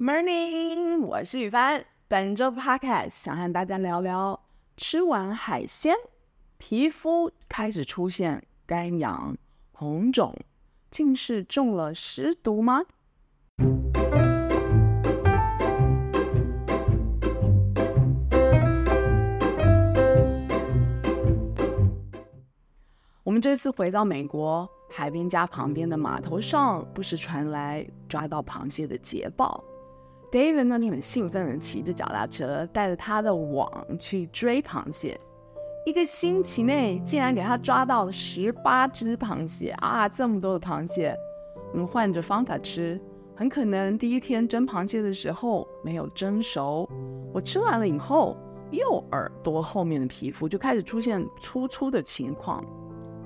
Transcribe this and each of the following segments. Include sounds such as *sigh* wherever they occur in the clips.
Morning，我是宇凡，本週的 Podcast 想和大家聊聊：吃完海鮮，皮膚開始出現乾癢、紅腫，竟是中了屍毒嗎？ *music* *music* *music* 我們這次回到美國海邊家旁邊的碼頭上，不時傳來抓到螃蟹的捷報。David 呢，你很興奮地騎着腳踏車，帶着他的網去追螃蟹。一個星期內竟然給他抓到了十八隻螃蟹啊！這麼多的螃蟹，我們換着方法吃。很可能第一天蒸螃蟹的時候沒有蒸熟，我吃完了以後，右耳朵後面的皮膚就開始出現粗粗的情況，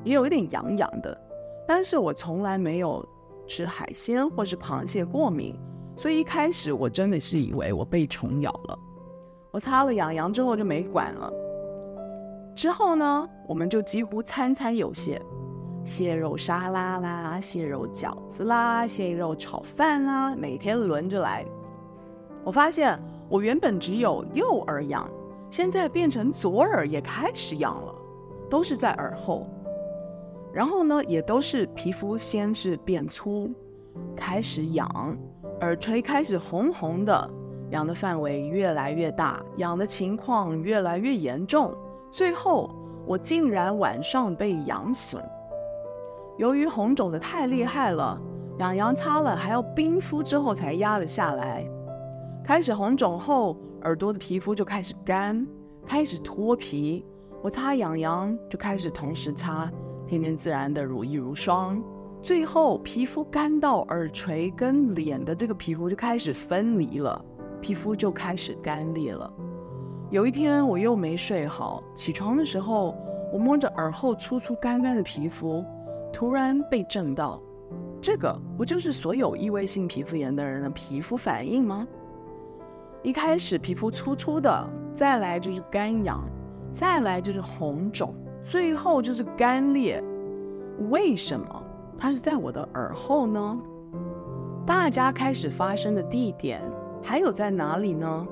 也有一點癢癢的。但是我從來沒有吃海鮮或是螃蟹過敏。所以一開始我真的是以為我被蟲咬了，我擦了癢癢之後就沒管了。之後呢，我們就幾乎餐餐有蟹，蟹肉沙拉啦，蟹肉餃子啦，蟹肉炒飯啦，每天輪着來。我發現我原本只有右耳癢，現在變成左耳也開始癢了，都是在耳後，然後呢，也都是皮膚先是變粗，開始癢。耳垂開始紅紅的，癢的範圍越來越大，癢的情況越來越嚴重，最後我竟然晚上被癢死了。由於紅腫的太厲害了，癢癢擦了還要冰敷之後才壓了下來。開始紅腫後，耳朵的皮膚就開始乾，開始脫皮。我擦癢癢就開始同時擦天天自然的乳液乳霜。最後，皮膚乾到耳垂跟臉的這個皮膚就開始分離了，皮膚就開始乾裂了。有一天我又沒睡好，起床的時候我摸着耳後粗粗乾乾的皮膚，突然被震到，這個不就是所有異位性皮膚炎的人的皮膚反應嗎？一開始皮膚粗粗的，再來就是乾癢，再來就是紅腫，最後就是乾裂。為什麼？它是在我的耳後呢？大家開始發生的地點還有在哪裡呢？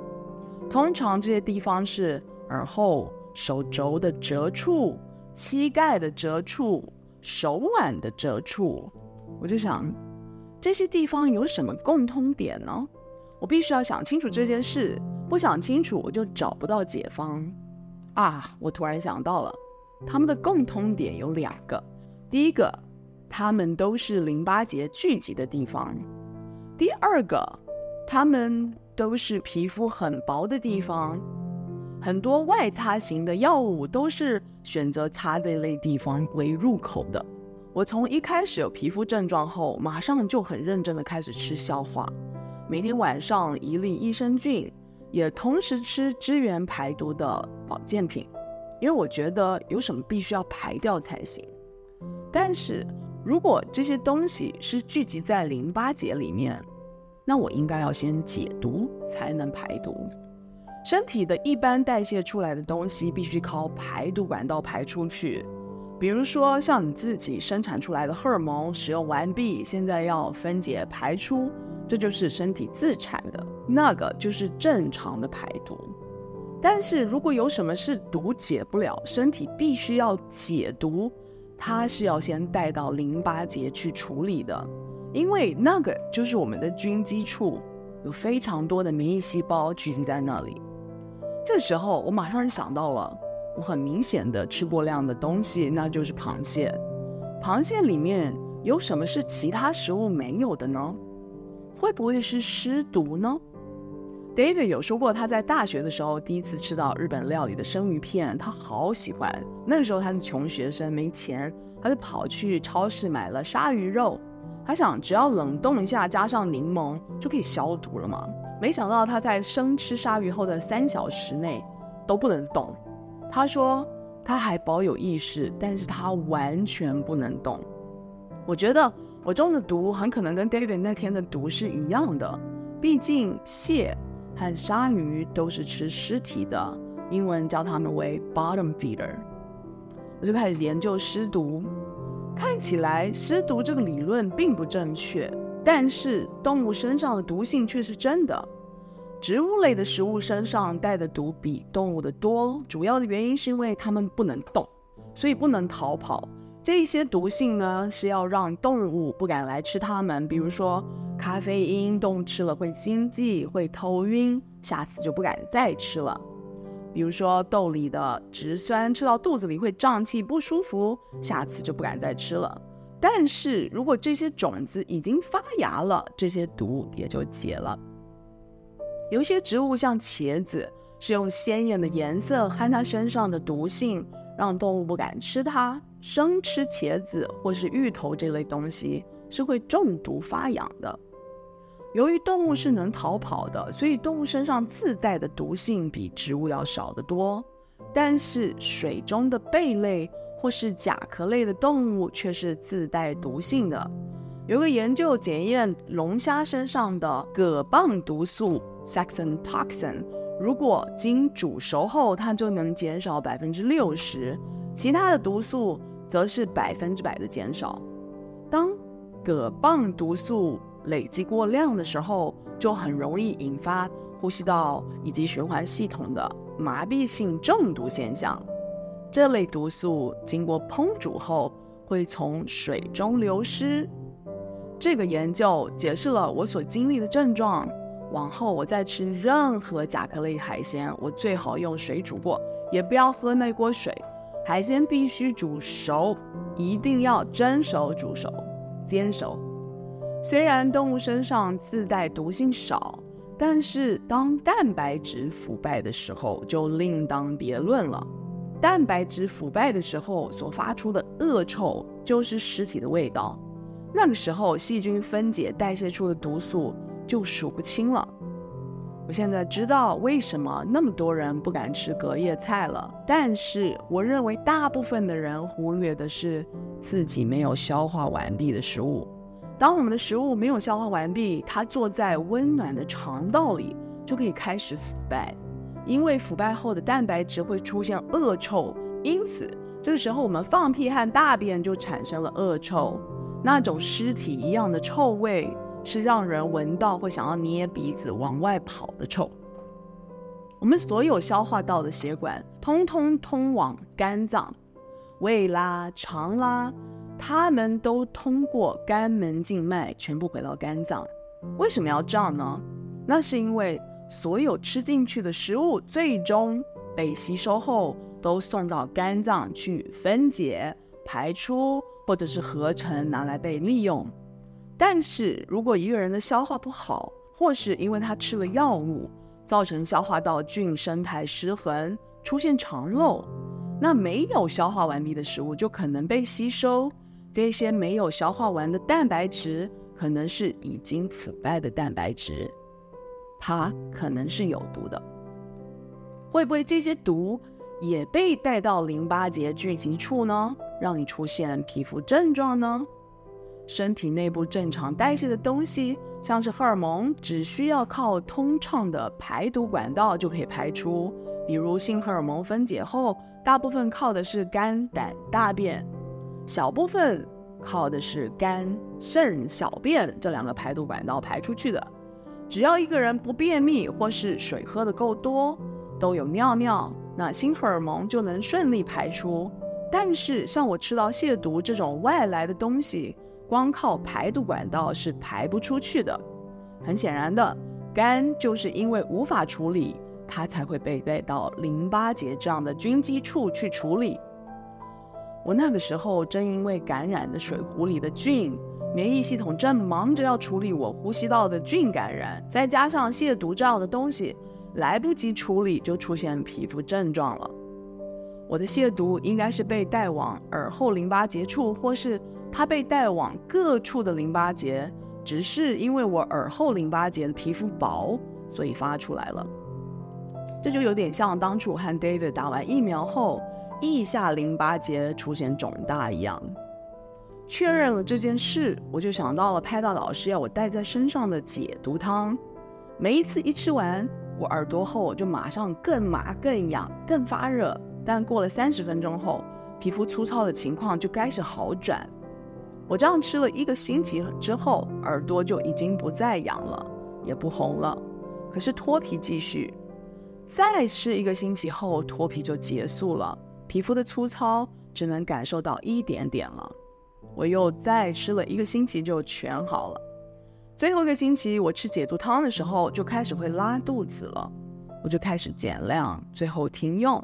通常這些地方是耳後、手肘的折處、膝蓋的折處、手腕的折處。我就想，這些地方有什麼共通點呢？我必須要想清楚這件事，不想清楚我就找不到解方。啊，我突然想到了，他們的共通點有兩個，第一個。它們都是淋巴結聚集的地方。第二個，它們都是皮膚很薄的地方，很多外擦型的藥物都是選擇擦這類地方為入口的。我從一開始有皮膚症狀後，馬上就很認真的開始吃消化，每天晚上一粒益生菌，也同時吃支援排毒的保健品，因為我覺得有什麼必須要排掉才行。但是。如果這些東西是聚集在淋巴結裡面，那我應該要先解毒才能排毒。身體的一般代謝出來的東西必須靠排毒管道排出去。比如說，像你自己生產出來的荷爾蒙使用完畢，現在要分解排出，這就是身體自產的，那個就是正常的排毒。但是如果有什麼是毒解不了，身體必須要解毒。它是要先帶到淋巴結去處理的，因為那個就是我們的軍機處，有非常多的免疫細胞聚集在那裡。這時候我馬上就想到了，我很明顯的吃過量的東西，那就是螃蟹。螃蟹裡面有什麼是其他食物沒有的呢？會不會是屍毒呢？David 有說過，他在大學的時候第一次吃到日本料理的生魚片，他好喜歡。那個時候他是窮學生，沒錢，他就跑去超市買了鯊魚肉。他想，只要冷凍一下，加上檸檬就可以消毒了嘛。沒想到他在生吃鯊魚後的三小時內都不能動。他說他還保有意識，但是他完全不能動。我覺得我中的毒很可能跟 David 那天的毒是一樣的，畢竟蟹。和鯊魚都是吃屍體的，英文叫它們為 bottom feeder。我就開始研究屍毒。看起來屍毒這個理論並不正確，但是動物身上的毒性卻是真的。植物類的食物身上帶的毒比動物的多，主要的原因是因為它們不能動，所以不能逃跑。這一些毒性呢，是要讓動物不敢來吃它們，比如說，咖啡因動物吃了會心悸，會頭暈，下次就不敢再吃了。比如說豆裡的植酸吃到肚子裡會脹氣不舒服，下次就不敢再吃了。但是如果這些種子已經發芽了，這些毒也就解了。有些植物像茄子是用鮮豔的顏色和它身上的毒性讓動物不敢吃它。生吃茄子或是芋頭這類東西是會中毒發癢的。由於動物是能逃跑的，所以動物身上自帶的毒性比植物要少得多。但是水中的貝類或是甲殼類的動物卻是自帶毒性的。有個研究檢驗龍蝦身上的戈棒毒素 s a x o n toxin），如果經煮熟後，它就能減少百分之六十；其他的毒素則是百分之百的減少。當戈棒毒素累積過量的時候，就很容易引發呼吸道以及循環系統的麻痹性中毒現象。這類毒素經過烹煮後會從水中流失。這個研究解釋了我所經歷的症狀。往後我再吃任何甲殼類海鮮，我最好用水煮過，也不要喝那鍋水。海鮮必須煮熟，一定要蒸熟、煮熟、煎熟。雖然動物身上自帶毒性少，但是當蛋白質腐敗的時候就另當別論了。蛋白質腐敗的時候所發出的惡臭就是屍體的味道，那個時候細菌分解代謝出的毒素就數不清了。我現在知道為什麼那麼多人不敢吃隔夜菜了，但是我認為大部分的人忽略的是自己沒有消化完畢的食物。當我們的食物沒有消化完畢，它坐在溫暖的腸道裡，就可以開始腐敗。因為腐敗後的蛋白質會出現惡臭，因此這個時候我們放屁和大便就產生了惡臭。那種屍體一樣的臭味，是讓人聞到會想要捏鼻子往外跑的臭。我們所有消化道的血管通通通往肝臟，胃啦、腸啦。他們都通過肝門靜脈全部回到肝臟，為什麼要這樣呢？那是因為所有吃進去的食物最終被吸收後，都送到肝臟去分解、排出，或者是合成拿來被利用。但是如果一個人的消化不好，或是因為他吃了藥物，造成消化道菌生態失衡，出現腸漏，那沒有消化完畢的食物就可能被吸收。這些沒有消化完的蛋白質，可能是已經腐敗的蛋白質，它可能是有毒的。會不會這些毒也被帶到淋巴結聚集處呢？讓你出現皮膚症狀呢？身體內部正常代謝的東西，像是荷爾蒙，只需要靠通暢的排毒管道就可以排出，比如性荷爾蒙分解後，大部分靠的是肝膽大便。小部分靠的是肝、腎、小便這兩個排毒管道排出去的。只要一個人不便秘，或是水喝得夠多，都有尿尿，那性荷爾蒙就能順利排出。但是像我吃到蟹毒這種外來的東西，光靠排毒管道是排不出去的。很顯然的，肝就是因為無法處理，它才會被帶到淋巴結這樣的軍機處去處理。我那個時候正因為感染的水壺裡的菌，免疫系統正忙着要處理我呼吸道的菌感染，再加上蟹毒這樣的東西，來不及處理就出現皮膚症狀了。我的蟹毒應該是被帶往耳後淋巴結處，或是它被帶往各處的淋巴結，只是因為我耳後淋巴結的皮膚薄，所以發出來了。這就有點像當初和 David 打完疫苗後。腋下淋巴結出現腫大一樣，確認了這件事，我就想到了拍檔老師要我帶在身上的解毒湯。每一次一吃完，我耳朵後就馬上更麻、更癢、更發熱。但過了三十分鐘後，皮膚粗糙的情況就開始好轉。我這樣吃了一個星期之後，耳朵就已經不再癢了，也不紅了。可是脫皮繼續，再吃一個星期後，脫皮就結束了。皮膚的粗糙只能感受到一點點了。我又再吃了一個星期就全好了。最後一個星期我吃解毒湯的時候就開始會拉肚子了，我就開始減量，最後停用。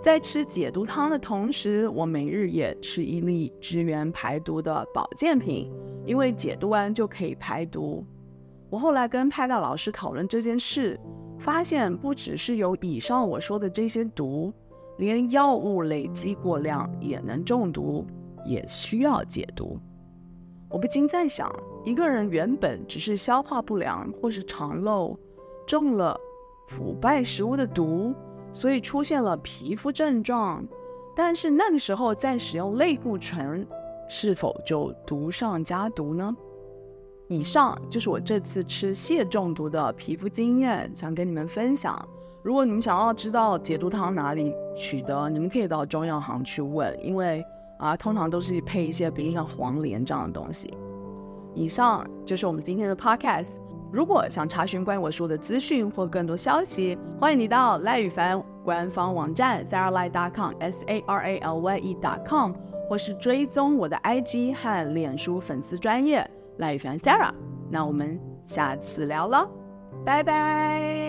在吃解毒湯的同時，我每日也吃一粒支援排毒的保健品，因為解毒完就可以排毒。我後來跟派大老師討論這件事，發現不只是有以上我說的這些毒。連藥物累積過量也能中毒，也需要解毒。我不禁在想，一個人原本只是消化不良或是腸漏，中了腐敗食物的毒，所以出現了皮膚症狀。但是那個時候在使用類固醇，是否就毒上加毒呢？以上就是我這次吃蟹中毒的皮膚經驗，想跟你們分享。如果你們想要知道解毒湯哪裡取得，你們可以到中藥行去問，因為啊，通常都是配一些，比如像黃連這樣的東西。以上就是我們今天的 podcast。如果想查詢關於我書的資訊或更多消息，歡迎你到賴宇凡官方網站 saralye.com s a r a l y e dot com，或是追蹤我的 IG 和臉書粉絲專頁賴宇凡 Sarah。那我們下次聊了，拜拜。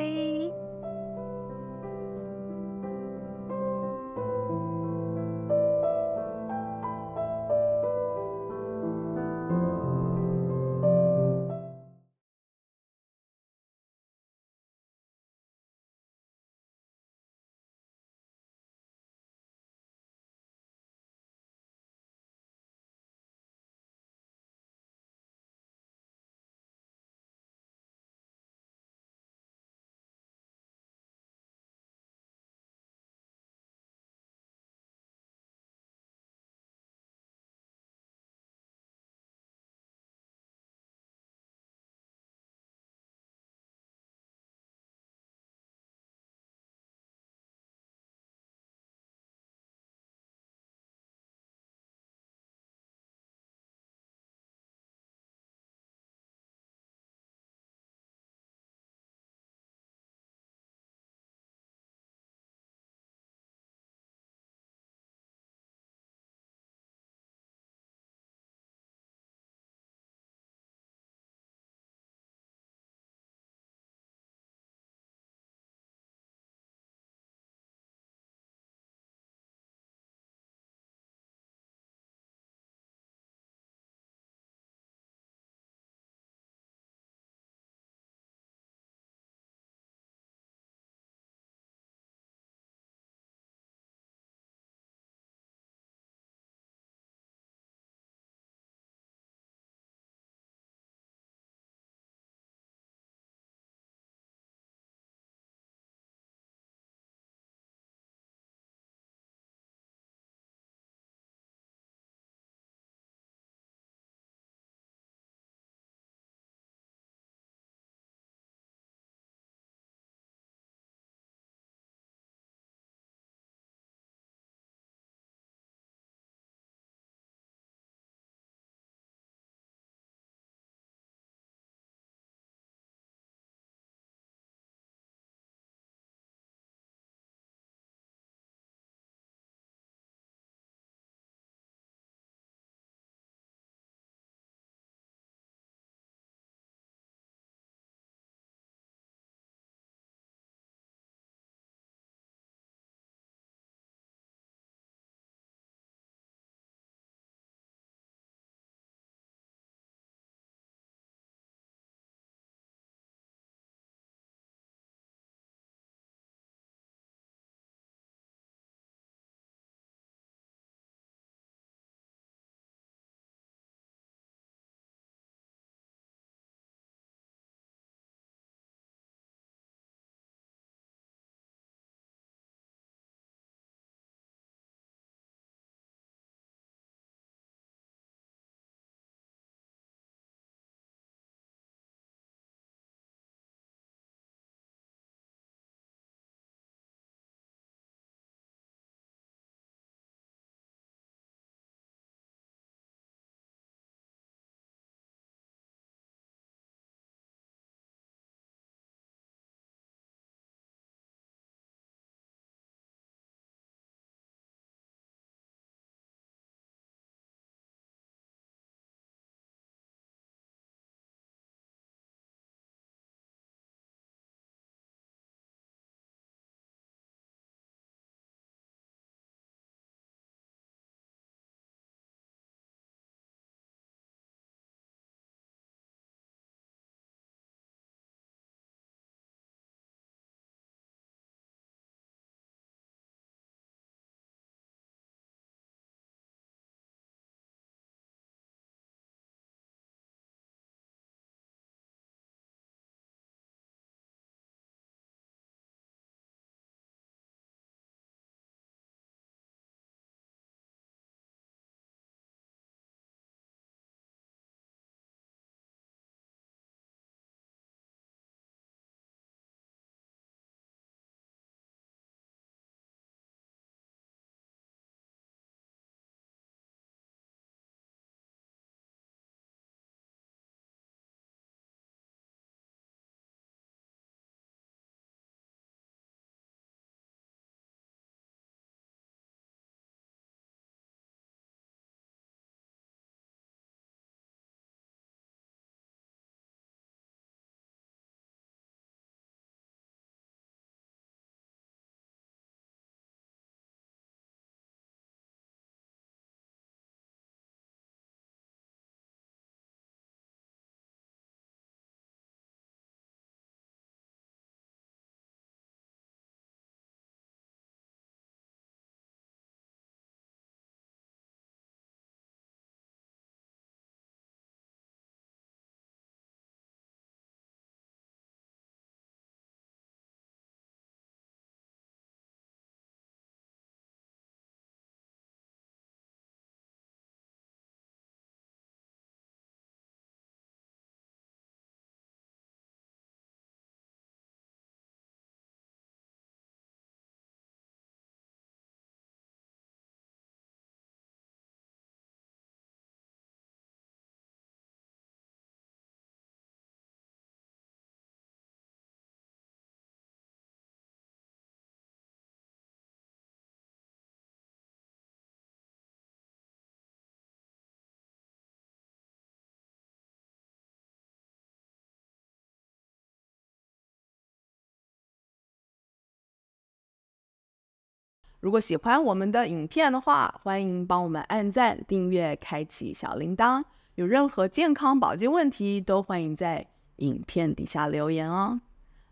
如果喜歡我們的影片的話，歡迎幫我們按讚、訂閱、開啟小鈴鐺。有任何健康保健問題，都歡迎在影片底下留言哦。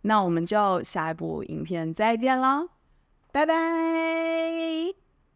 那我們就下一部影片再見啦，拜拜！